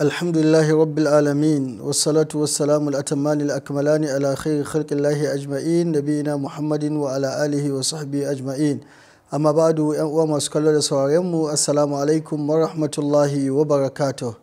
Alhamdu lillah wabbil a'limin wasalaatu wasalaamul atemalil akamalani alakali hargillahi ajma'i da bina muhammadin wa ala alihi wasu ajma'in ajma'i amma ba'a dogo 'yan uwama masu kallo da saurayonmu asalamu alaikum wa rahmatulahii wabarakato.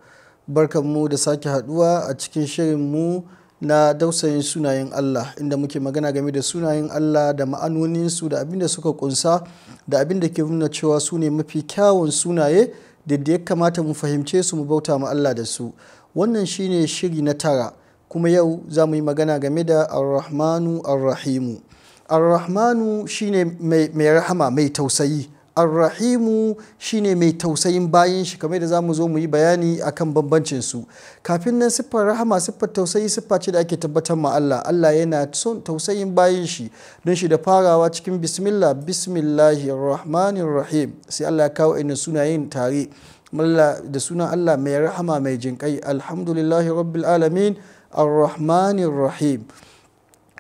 Barkanmu da sake haduwa a cikin shirin mu na dausayin sunayen Allah inda muke magana game da sunayen Allah da ma'anoninsu da abinda suka kunsa da abinda ke nuna cewa sune mafi kyawun sunaye. da ya kamata mu fahimce su mu bauta ma Allah da su wannan shine shiri na tara kuma yau za mu yi magana game da arrahmanu arrahimu arrahmanu shine mai rahama mai tausayi arrahimu shine mai tausayin bayan shi kamar da zamu zo mu yi bayani akan bambancin su kafin nan siffar rahama siffar tausayi siffa ce da ake tabbatar ma Allah Allah yana son tausayin bayan shi don shi da farawa cikin bismillah bismillahir rahmanir rahim sai Allah ya kawo inna sunayen tare malla da sunan Allah mai rahama mai jinkai alhamdulillahi rabbil alamin arrahmanir rahim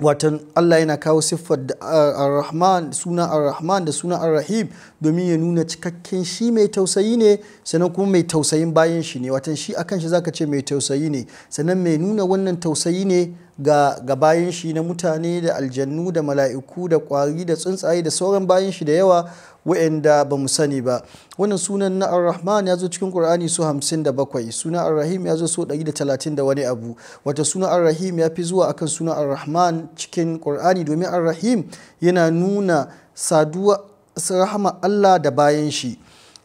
watan Allah yana kawo siffar ar-Rahman suna ar-Rahman da suna ar-Rahim domin ya nuna cikakken shi mai tausayi ne sannan kuma mai tausayin bayan shi ne watan shi akan shi zaka ce mai tausayi ne sannan mai nuna wannan tausayi ne ga, bayan shi na mutane da aljannu da mala'iku da kwari da tsuntsaye da sauran bayan shi da yawa wa'anda ba mu sani ba wannan sunan na ar-rahman ya zo cikin qur'ani su 57 sunan ar-rahim ya zo su 130 da wani abu wata sunan ar-rahim ya fi zuwa akan sunan ar-rahman cikin qur'ani domin ar-rahim yana nuna saduwa rahama Allah da bayan shi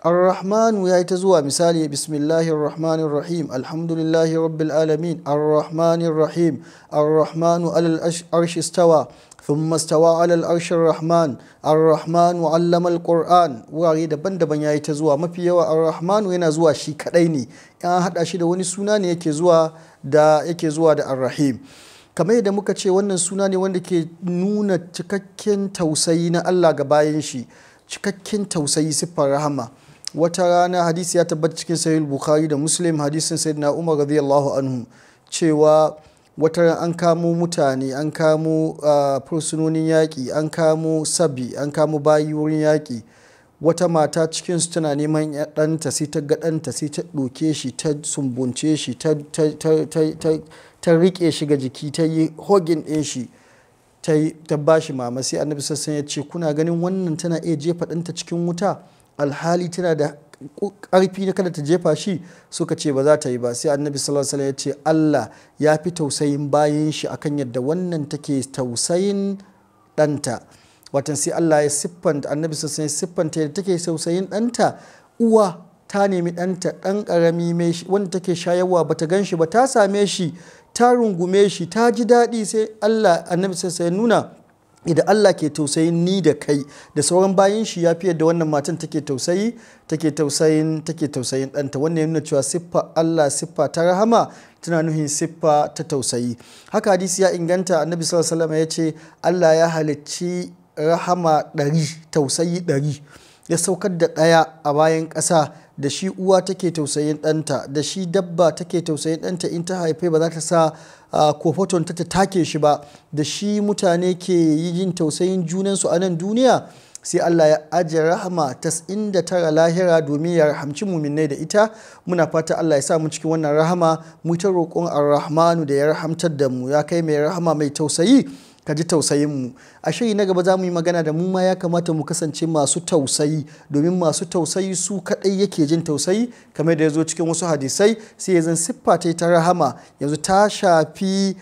الرحمن يا تزوى مثالي بسم الله الرحمن الرحيم الحمد لله رب العالمين الرحمن الرحيم الرحمن على الأرش استوى ثم استوى على الأرش الرحمن الرحمن علم القرآن wurare دبن دبن ya yi ta zuwa يوا الرحمن arrahmanu yana شي shi kadai ne an haɗa shi da wani suna ne yake zuwa da yake zuwa kamar yadda muka ce wannan suna ne wanda ke nuna cikakken tausayi na Allah ga bayan shi cikakken tausayi siffar rahama wata rana hadisi ya tabbata cikin sahih bukhari da muslim hadisin sayyidina umar radiyallahu anhu cewa wata an kamo mutane an kamo ah, fursunonin yaƙi an kamo sabi an kamo bayi wurin yaƙi wata mata cikin su tana neman ɗanta sai ta ga ɗanta sai ta ɗoke shi ta sumbunce shi ta riƙe shi ga jiki ta yi hogin ɗin shi ta ba shi mama sai annabi sassan ya ce kuna ganin wannan tana iya jefa ɗanta cikin wuta alhali tana da ƙarfi na kada ta jefa shi suka ce ba za ta yi ba sai annabi sallallahu alaihi ya ce Allah ya fi tausayin bayan shi akan yadda wannan take tausayin ɗanta watan sai Allah ya siffanta annabi sallallahu alaihi siffanta yadda take tausayin ɗanta uwa ta nemi ɗanta ɗan ƙarami wanda take shayarwa bata gan shi ba ta same shi ta rungume shi ta ji daɗi sai Allah annabi sallallahu alaihi nuna idan Allah ke tausayin ni da kai da sauran bayan shi ya fi yadda wannan matan take tausayi take tausayin take tausayin ɗanta wannan ya nuna cewa siffa Allah siffa ta rahama tana nuhin siffa ta tausayi haka hadisi ya inganta annabi sallallahu alaihi ya ce Allah ya halicci rahama ɗari tausayi ɗari ya saukar da ɗaya a bayan ƙasa da shi uwa take tausayin ɗanta da shi dabba take tausayin ɗanta in ta haife ba za ta sa kofoton ta take shi ba da shi mutane ke yin tausayin junansu a nan duniya sai Allah ya ajiye rahama tara lahira domin ya rahamci muminai da ita muna fata Allah ya sa mu cikin wannan rahama mu ta roƙon ar-rahmanu da ya rahamtar da mu ya kai mai rahama mai tausayi ka ji tausayin mu a shiri na gaba za mu yi magana da mu ma ya kamata mu kasance masu tausayi domin masu tausayi su kadai yake jin tausayi kamar da ya zo cikin wasu hadisai sai zan siffa ta ta rahama yanzu ta shafi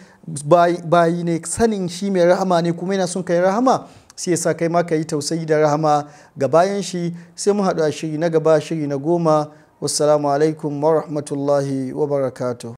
bayi ne sanin shi mai rahama ne kuma yana son kai rahama sai sa kai ma ka yi tausayi da rahama ga bayan shi sai mu haɗu a shiri na gaba shiri na goma wassalamu alaikum wa rahmatullahi wa barakatuh